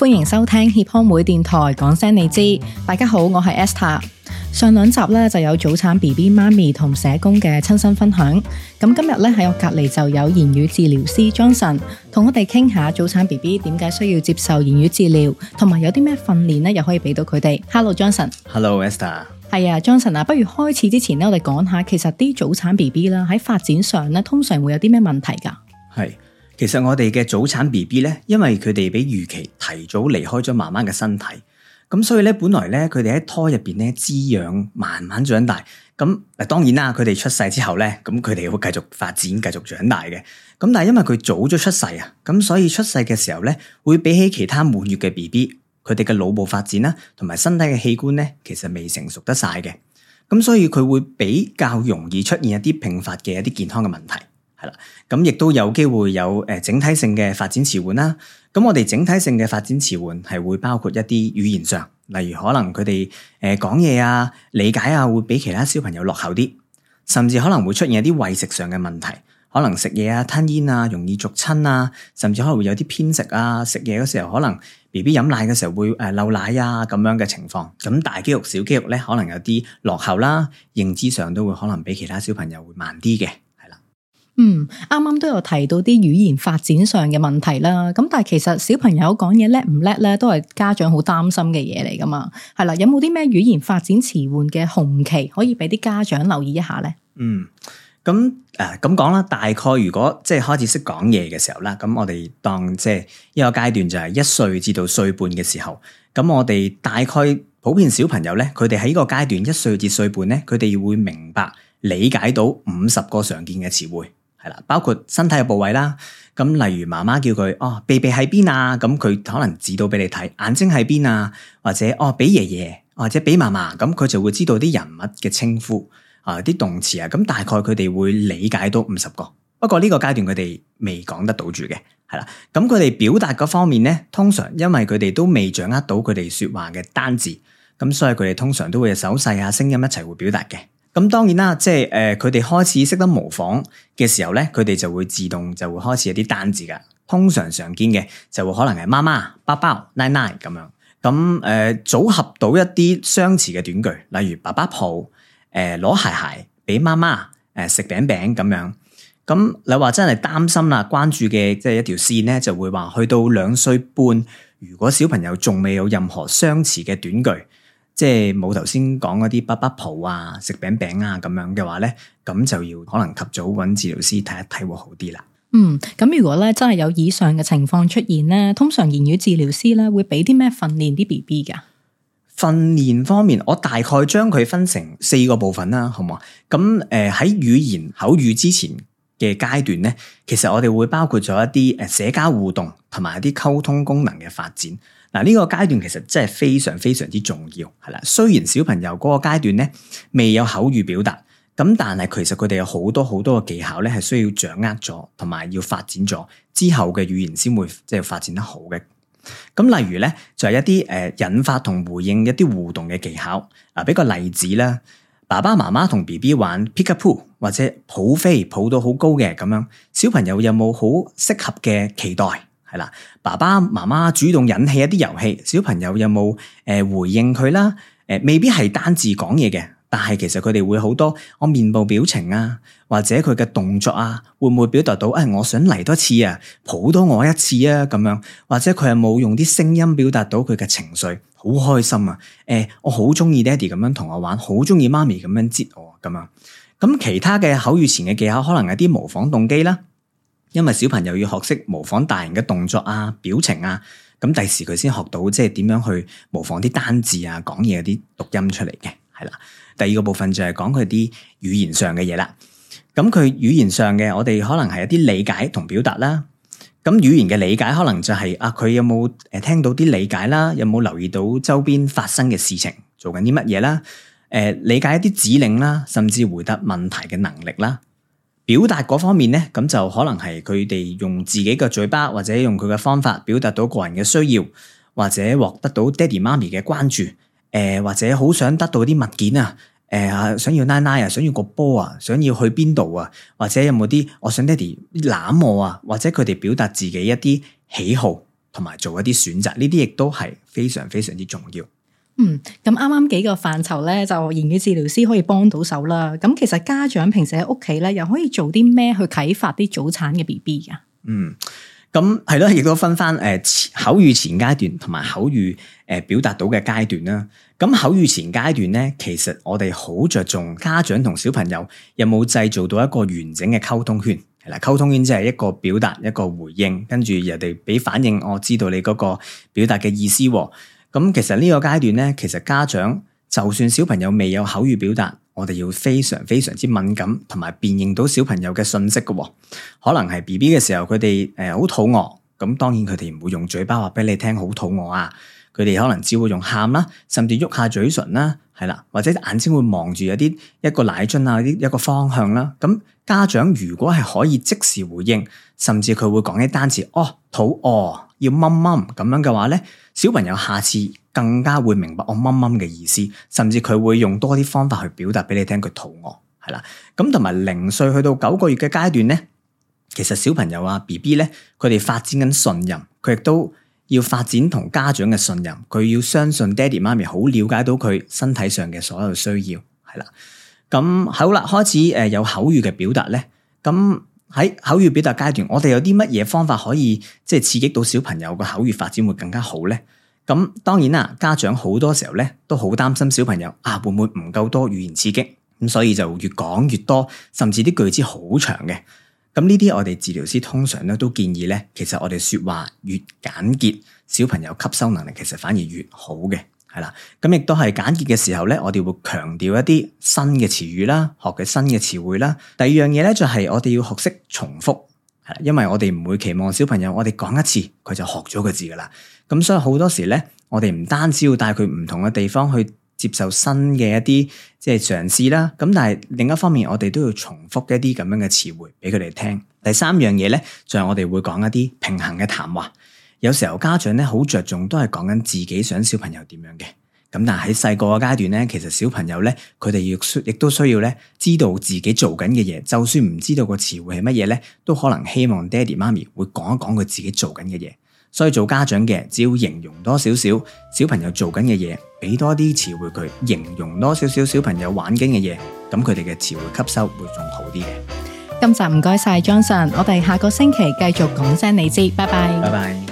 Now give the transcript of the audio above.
歡迎收聽協康會電台，講聲你知。大家好，我係 Esther。上兩集咧就有早產 B B 媽咪同社工嘅親身分享。咁今日咧喺我隔籬就有言語治療師張晨同我哋傾下早產 B B 點解需要接受言語治療，同埋有啲咩訓練咧又可以俾到佢哋。Hello，張晨。Hello，Esther。係啊，張晨啊，不如開始之前呢，我哋講下，其實啲早產 B B 啦喺發展上咧，通常會有啲咩問題噶？係。其實我哋嘅早產 B B 咧，因為佢哋比預期提早離開咗媽媽嘅身體，咁所以咧本來咧佢哋喺胎入邊咧滋養慢慢長大，咁嗱當然啦，佢哋出世之後咧，咁佢哋會繼續發展，繼續長大嘅，咁但係因為佢早咗出世啊，咁所以出世嘅時候咧，會比起其他滿月嘅 B B，佢哋嘅腦部發展啦，同埋身體嘅器官咧，其實未成熟得晒嘅，咁所以佢會比較容易出現一啲併發嘅一啲健康嘅問題。係啦，咁亦都有機會有誒整體性嘅發展遲緩啦。咁我哋整體性嘅發展遲緩係會包括一啲語言上，例如可能佢哋誒講嘢啊、理解啊，會比其他小朋友落後啲，甚至可能會出現一啲喂食上嘅問題，可能食嘢啊、吞咽啊、容易逐親啊，甚至可能會有啲偏食啊，食嘢嗰時候可能 BB 飲奶嘅時候會誒漏奶啊咁樣嘅情況。咁大肌肉、小肌肉咧，可能有啲落後啦，認知上都會可能比其他小朋友會慢啲嘅。嗯，啱啱都有提到啲語言發展上嘅問題啦。咁但係其實小朋友講嘢叻唔叻咧，都係家長好擔心嘅嘢嚟噶嘛。係啦，有冇啲咩語言發展遲緩嘅紅旗可以俾啲家長留意一下咧，嗯？嗯，咁、嗯、誒，咁講啦，大概如果即係開始識講嘢嘅時候啦，咁我哋當即係一個階段就係一歲至到歲半嘅時候，咁我哋大概普遍小朋友咧，佢哋喺呢個階段一歲至歲半咧，佢哋會明白理解到五十個常見嘅詞彙。係啦，包括身體嘅部位啦，咁例如媽媽叫佢哦鼻鼻喺邊啊？咁佢可能指到俾你睇，眼睛喺邊啊？或者哦俾爺爺，或者俾嫲嫲，咁佢就會知道啲人物嘅稱呼啊，啲、呃、動詞啊，咁大概佢哋會理解到五十個。不過呢個階段佢哋未講得到住嘅，係啦，咁佢哋表達嗰方面咧，通常因為佢哋都未掌握到佢哋說話嘅單字，咁所以佢哋通常都會有手勢啊、聲音一齊會表達嘅。咁當然啦，即係誒佢哋開始識得模仿嘅時候咧，佢哋就會自動就會開始有啲單字㗎。通常常見嘅就會可能係媽媽、爸爸、奶奶咁樣。咁誒、呃、組合到一啲相似嘅短句，例如爸爸抱，誒攞鞋鞋俾媽媽誒食、呃、餅餅咁樣。咁你話真係擔心啦，關注嘅即係一條線咧，就會話去到兩歲半，如果小朋友仲未有任何相似嘅短句。即係冇頭先講嗰啲爸爸抱啊、食餅餅啊咁樣嘅話咧，咁就要可能及早搵治療師睇一睇會好啲啦。嗯，咁如果咧真係有以上嘅情況出現咧，通常言語治療師咧會俾啲咩訓練啲 BB 噶？訓練方面，我大概將佢分成四個部分啦，好唔好？咁誒喺語言口語之前嘅階段咧，其實我哋會包括咗一啲誒社交互動同埋一啲溝通功能嘅發展。嗱，呢個階段其實真係非常非常之重要，係啦。雖然小朋友嗰個階段咧未有口語表達，咁但係其實佢哋有好多好多嘅技巧咧係需要掌握咗，同埋要發展咗之後嘅語言先會即係發展得好嘅。咁、嗯、例如咧就係、是、一啲誒、呃、引發同回應一啲互動嘅技巧啊、呃，畀個例子啦，爸爸媽媽同 B B 玩 peek-a-boo 或者抱飛抱到好高嘅咁樣，小朋友有冇好適合嘅期待？係啦，爸爸媽媽主動引起一啲遊戲，小朋友有冇誒、呃、回應佢啦？誒、呃，未必係單字講嘢嘅，但係其實佢哋會好多，我面部表情啊，或者佢嘅動作啊，會唔會表達到誒、哎，我想嚟多次啊，抱多我一次啊，咁樣，或者佢有冇用啲聲音表達到佢嘅情緒，好開心啊？誒、呃，我好中意爹哋咁樣同我玩，好中意媽咪咁樣接我咁樣。咁其他嘅口語前嘅技巧，可能係啲模仿動機啦。因為小朋友要學識模仿大人嘅動作啊、表情啊，咁第時佢先學到即係點樣去模仿啲單字啊、講嘢嗰啲讀音出嚟嘅，係啦。第二個部分就係講佢啲語言上嘅嘢啦。咁、嗯、佢語言上嘅，我哋可能係一啲理解同表達啦。咁、嗯、語言嘅理解可能就係、是、啊，佢有冇誒、呃、聽到啲理解啦？有冇留意到周邊發生嘅事情？做緊啲乜嘢啦？誒、呃，理解一啲指令啦，甚至回答問題嘅能力啦。表達嗰方面呢，咁就可能係佢哋用自己嘅嘴巴或者用佢嘅方法表達到個人嘅需要，或者獲得到爹哋媽咪嘅關注。誒、呃，或者好想得到啲物件啊，誒、呃、啊，想要奶奶啊，想要個波啊，想要去邊度啊，或者有冇啲我想爹哋攬我啊，或者佢哋表達自己一啲喜好，同埋做一啲選擇，呢啲亦都係非常非常之重要。嗯，咁啱啱幾個範疇咧，就言語治療師可以幫到手啦。咁其實家長平時喺屋企咧，又可以做啲咩去啟發啲早產嘅 BB 噶？嗯，咁係咯，亦都分翻誒口語前階段同埋口語誒表達到嘅階段啦。咁口語前階段咧，其實我哋好着重家長同小朋友有冇製造到一個完整嘅溝通圈。嗱，溝通圈即係一個表達，一個回應，跟住人哋俾反應，我知道你嗰個表達嘅意思。咁其實呢個階段咧，其實家長就算小朋友未有口語表達，我哋要非常非常之敏感，同埋辨認到小朋友嘅訊息㗎，可能係 BB 嘅時候，佢哋誒好肚餓，咁當然佢哋唔會用嘴巴話俾你聽好肚餓啊，佢哋可能只會用喊啦，甚至喐下嘴唇啦。係啦，或者眼睛會望住有啲一個奶樽啊，一一個方向啦。咁家長如果係可以即時回應，甚至佢會講一單詞哦，肚餓要掹掹咁樣嘅話咧，小朋友下次更加會明白我掹掹嘅意思，甚至佢會用多啲方法去表達俾你聽佢肚餓。係啦，咁同埋零歲去到九個月嘅階段咧，其實小朋友啊 B B 咧，佢哋發展緊信任，佢亦都。要發展同家長嘅信任，佢要相信爹哋媽咪好了解到佢身體上嘅所有需要，係啦。咁、嗯、好啦，開始誒有口語嘅表達咧。咁、嗯、喺口語表達階段，我哋有啲乜嘢方法可以即係刺激到小朋友個口語發展會更加好咧？咁、嗯、當然啦，家長好多時候咧都好擔心小朋友啊會唔會唔夠多語言刺激，咁所以就越講越多，甚至啲句子好長嘅。咁呢啲我哋治療師通常咧都建議咧，其實我哋說話越簡潔，小朋友吸收能力其實反而越好嘅，係啦。咁亦都係簡潔嘅時候咧，我哋會強調一啲新嘅詞語啦，學嘅新嘅詞彙啦。第二樣嘢咧就係我哋要學識重複，係啦，因為我哋唔會期望小朋友我哋講一次佢就學咗個字㗎喇。咁所以好多時咧，我哋唔單止要帶佢唔同嘅地方去。接受新嘅一啲即係嘗試啦，咁但係另一方面，我哋都要重複一啲咁樣嘅詞彙俾佢哋聽。第三樣嘢咧，就係我哋會講一啲平衡嘅談話。有時候家長咧好着重，都係講緊自己想小朋友點樣嘅，咁但係喺細個嘅階段咧，其實小朋友咧佢哋亦需亦都需要咧知道自己做緊嘅嘢，就算唔知道個詞彙係乜嘢咧，都可能希望爹哋媽咪會講一講佢自己做緊嘅嘢。所以做家長嘅，只要形容多少少小朋友做緊嘅嘢，俾多啲詞彙佢，形容多少少小朋友玩緊嘅嘢，咁佢哋嘅詞彙吸收會仲好啲嘅。今集唔該晒張晨，我哋下個星期繼續講聲你知，拜拜，拜拜。